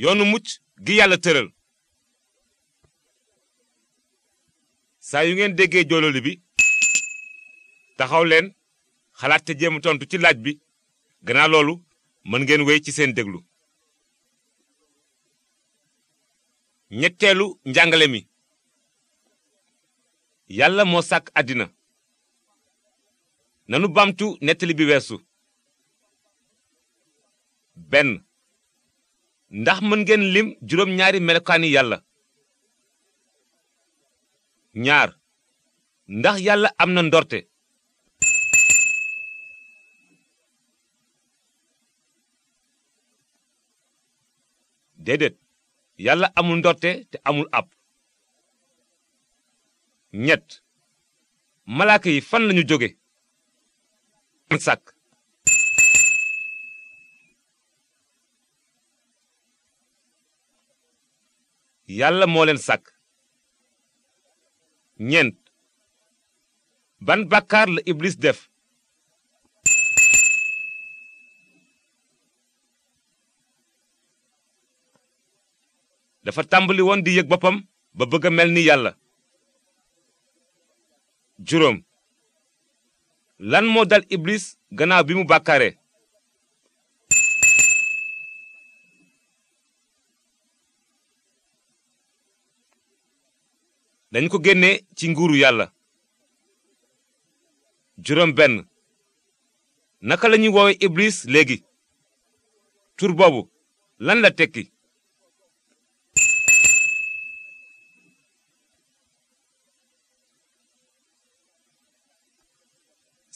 yoonu mucc gi yàlla tëral saa yu ngeen déggee joololi bi taxaw leen xalaat te jéem tontu ci laaj bi gannaaw loolu mën ngeen wéy ci seen déglu ñetteelu njàngale mi yàlla moo sàkk àddina nanu bamtu nettali bi weesu benn ndax mën ngeen lim juróom-ñaari melokaani yàlla ñaar ndax yàlla am na ndorte déedéet yàlla amul ndorte te amul ab ñett malaaka yi fan lañu jóge sàkk yàlla moo leen sàkk ñeent ban bàkkaar la iblis def dafa tàmbali woon di yëg boppam ba bëgg a mel ni yàlla juróom lan moo dal iblis gannaaw bi mu bàkkaaree dañ ko génnee ci nguuru yàlla juróom benn naka lañuy woowe iblis léegi tur boobu lan la tekki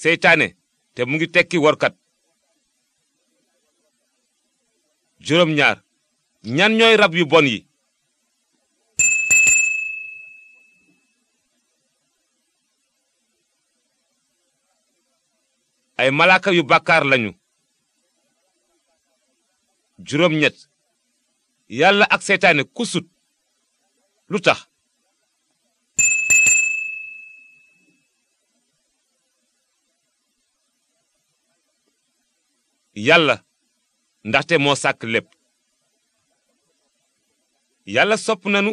seytaane te mu ngi tekki workat juróom ñaar ñan ñooy rab yu bon yi ay malaaka yu bàkkaar lañu juróom ñett yàlla ak seytaane ku sut lu tax yàlla ndaxte moo sàkk lépp yàlla sopp nañu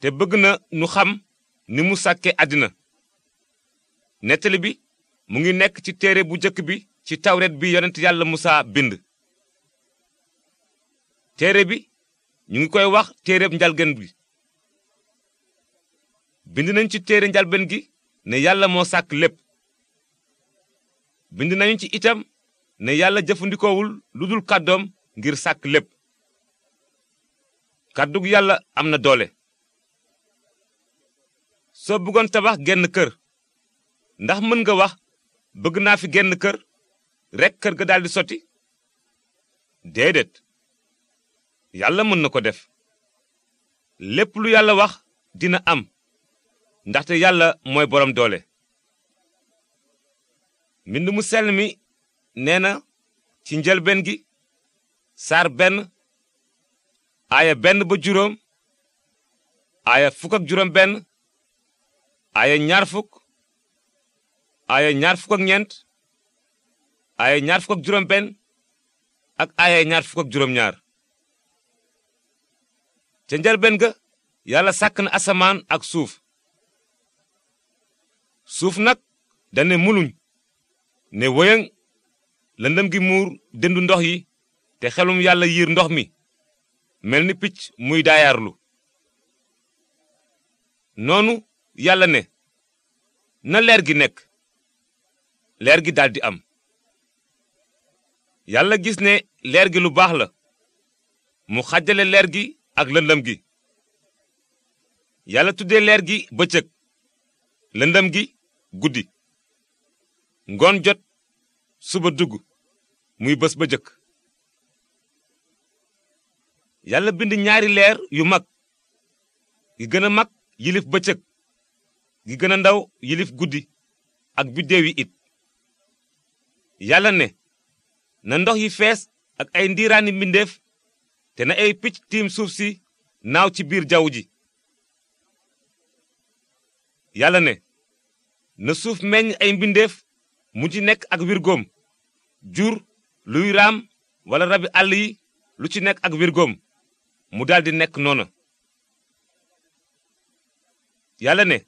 te bëgg na nu xam ni mu sàkke àddina nettali bi mu ngi nekk ci téere bu njëkk bi ci tawret bi yonent yàlla musa bind téere bi ñu ngi koy wax téere njalgen bi bind nañ ci téere njalben gi ne yàlla moo sàkk lépp bind nañu ci itam ne yàlla jëfandikoowul lu dul kàddoom ngir sàkk lépp kàddug yàlla am na doole soo bëggoon tabax genn kër ndax mën nga wax bëgg naa fi genn kër rekk kër ga daldi sotti déedéet yàlla mën na ko def lépp lu yàlla wax dina am ndaxte yàlla mooy boroom doole mbind mu sell mi nee na ci njëlbeen gi saar benn aaya benn ba juróom aaya fukk ak juróom benn aaya ñaar fukk aaya ñaar fukk ak ñeent aaya ñaar fukk ak juróom benn ak aaya ñaar fukk ak juróom ñaar ca njëlbéen ga yàlla sàkk na asamaan ak suuf suuf nag dane muluñ ne wëyëng lëndëm gi muur dëndu ndox yi te xelum yàlla yiir ndox mi mel ni picc muy daayaarlu noonu yàlla ne na leer gi nekk leer gi daldi am yàlla gis ne leer gi lu baax la mu xajale leer gi ak lëndëm gi yàlla tuddee leer gi bëccëg lëndëm gi guddi ngoon jot suba dugg muy bés ba jëkk yàlla bind ñaari leer yu mag gi gën a mag yilif bëccëg gi gën a ndaw yilif guddi ak biddéew it yàlla ne na ndox yi fees ak ay ndiiraani mbindeef te na ay picc tiim suuf si naaw ci biir jaww ji yàlla ne na suuf meññ ay mbindeef mu ci nekk ak wirgoom jur luy raam wala rabi àll yi lu ci nekk ak wirgoom mu daldi nekk noona yàlla ne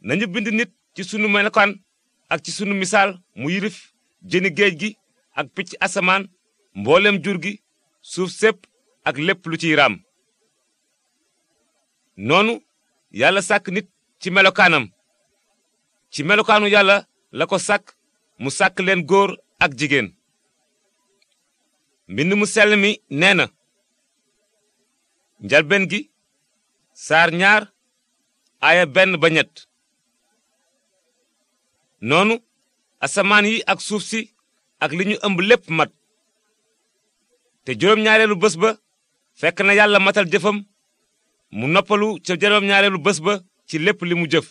nañu bind ci sunu melokaan ak ci sunu misaal mu yirif jëni géej gi ak picc asamaan mboolem jur gi suuf sépp ak lépp lu ci raam noonu yàlla sàkk nit ci melokaanam ci melokaanu yàlla la ko sàkk mu sàkk leen góor ak jigéen mbind mu sell mi nee na njalbeen gi saar ñaar aaya benn ba ñett noonu asamaan yi ak suuf si ak li ñu ëmb lépp mat te juróom-ñaareelu bés ba fekk na yàlla matal jëfam mu noppalu ca juróom-ñaareelu bés ba ci lépp li mu jëf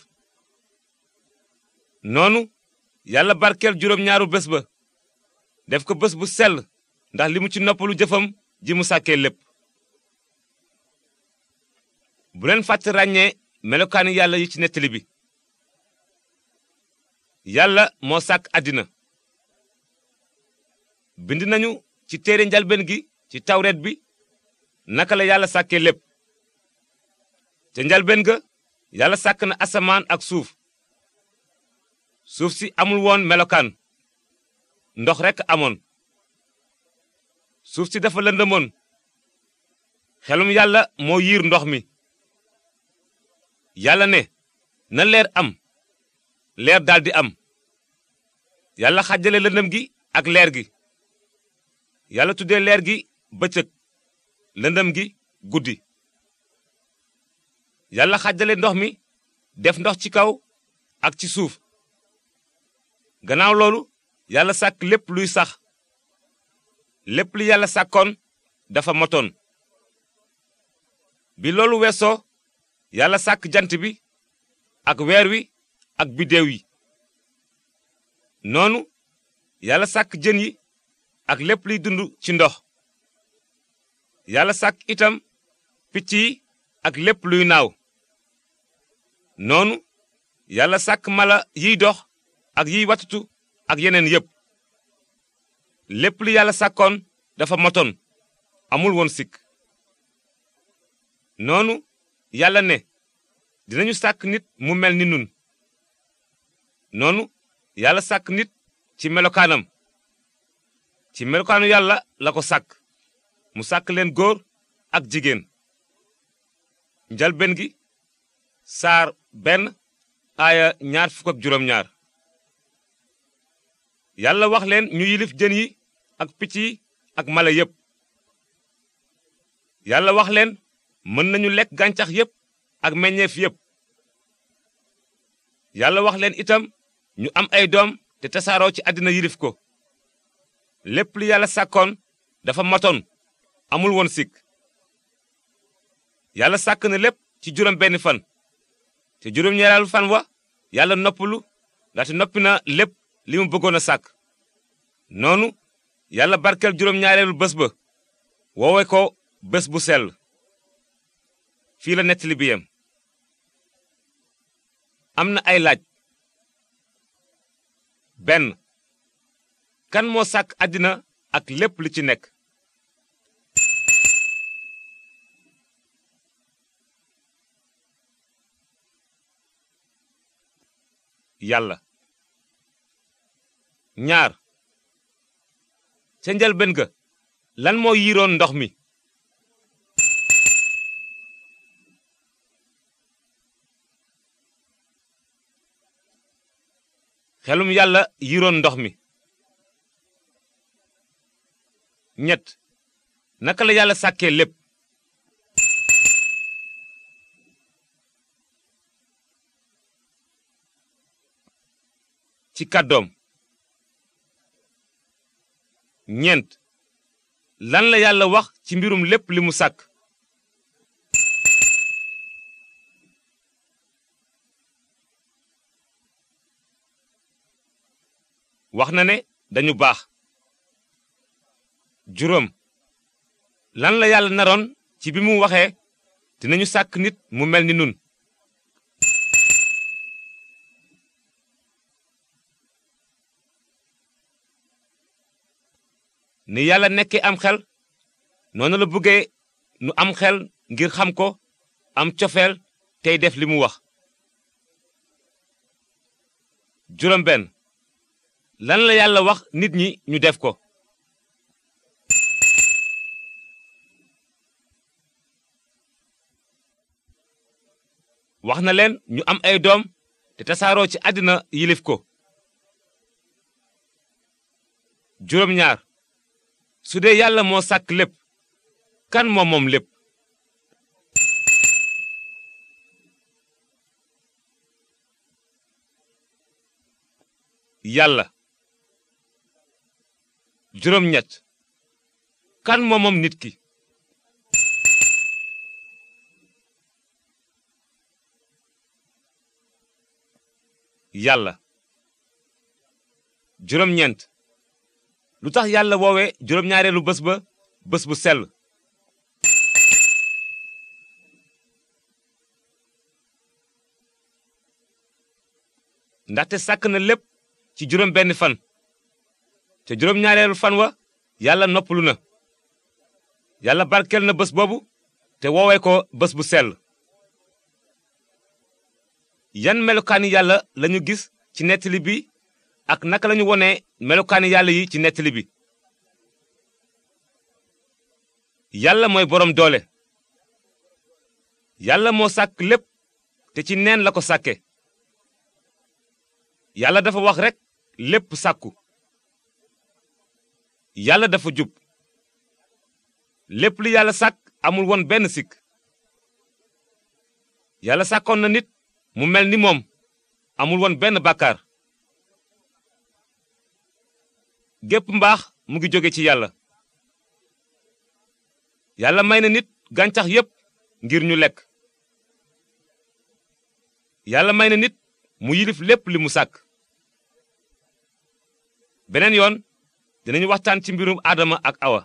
noonu yàlla barkeel juróom-ñaaru bés ba def ko bés bu sell ndax li mu ci noppalu jëfam ji mu sàkkee lépp bu leen fàtte ràññee melokaani yàlla yi ci nettali bi yàlla moo sàkk àddina bind nañu ci téere njalbeen gi ci tawret bi naka la yàlla sàkkee lépp te njalbeen ga yàlla sàkk na asamaan ak suuf suuf si amul woon melokaan ndox rekk amoon suuf si dafa lëndëmoon xelum yàlla moo yiir ndox mi yàlla ne na leer am leer daldi am yàlla xajale lëndëm gi ak leer gi yàlla tudde leer gi bëccëg lëndëm gi guddi yàlla xàjjale ndox mi def ndox ci kaw ak ci suuf gannaaw loolu yàlla sàkk lépp luy sax lépp li yàlla sàkkoon dafa motoon bi loolu weesoo yàlla sàkk jant bi ak weer wi ak biddéew yi noonu yàlla sàkk jën yi ak lépp liy dund ci ndox yàlla sàkk itam picc yi ak lépp luy naaw noonu yàlla sàkk mala yiy dox ak yiy wattutu ak yeneen yépp lépp li yàlla sàkkoon dafa motoon amul woon sikk noonu yàlla ne dinañu sàkk nit mu mel ni nun noonu yàlla sàkk nit ci melokaanam ci melokaanu yàlla la ko sàkk mu sàkk leen góor ak jigéen njalbén gi saar benn aaya ñaar yàlla wax leen ñu yilif jën yi ak picc yi ak mala yépp yàlla wax leen mën nañu lekk gàncax yépp ak meññeef yépp yàlla wax itam ñu am ay doom te tasaaroo ci àddina yilif ko lépp li yàlla sàkkoon dafa matoon amul woon sikk yàlla sàkk na lépp ci juróom benn fan te juróom ñaareelu fan wa yàlla noppalu ndaxte noppi na lépp li mu bëggoon a sàkk noonu yàlla barkeel juróom ñaareelu bés ba woowe ko bés bu sell fii la nettali yem am na ay laaj benn kan moo sàkk àddina ak lépp li ci nekk yàlla ñaar ca njëlbéen ga lan moo yiiroon ndox mi xelum yàlla yiroon ndox mi ñett naka la yàlla sàkkee lépp ci kàddoom ñent lan la yàlla wax ci mbirum lépp li mu sàkk wax na ne dañu baax juróom lan la yàlla naroon ci bi mu waxee dinañu sàkk nit mu mel ni nun ni yàlla nekkee am xel noonu la bëggee nu am xel ngir xam ko am cofeel tey def li mu wax juróom lan la yàlla wax nit ñi ñu def ko wax na leen ñu am ay doom te tasaaroo ci àddina yilif ko juróom ñaar su dee yàlla moo sàkk lépp kan moo moom lépp yàlla juróom ñett kan moomoom nit ki yàlla juróom ñeent lu tax yàlla woowee juróom ñaareelu bés ba bés bu sell ndaxte sàkk na lépp ci juróom benn fan ca juróom-ñaareelu fan wa yàlla noppalu na yàlla barkeel na bés boobu te woowee ko bës bu sell yan melukaani yàlla lañu gis ci nettali bi ak naka lañu wone melukaani yàlla yi ci nettali bi yàlla mooy boroom doole yàlla moo sàkk lépp te ci neen la ko sàkke yàlla dafa wax rekk lépp sàkku yàlla dafa jub lépp li yàlla sàkk amul woon benn sikk yàlla sàkkoon na nit mu mel ni moom amul woon benn bàkkaar gépp mbaax mu ngi jóge ci yàlla yàlla may na nit gàncax yépp ngir ñu lekk yàlla may na nit mu yilif lépp li mu sàkk beneen yoon dinañ waxtaan ci mbirum Adama ak Awa